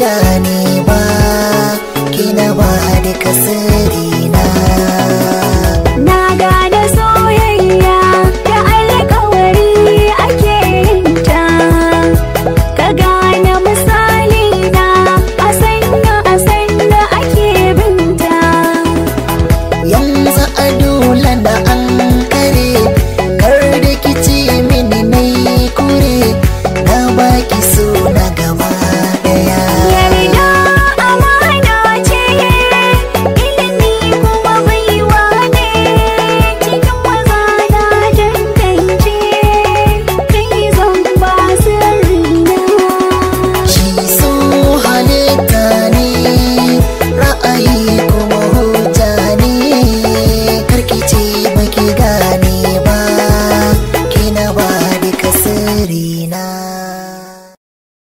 个你。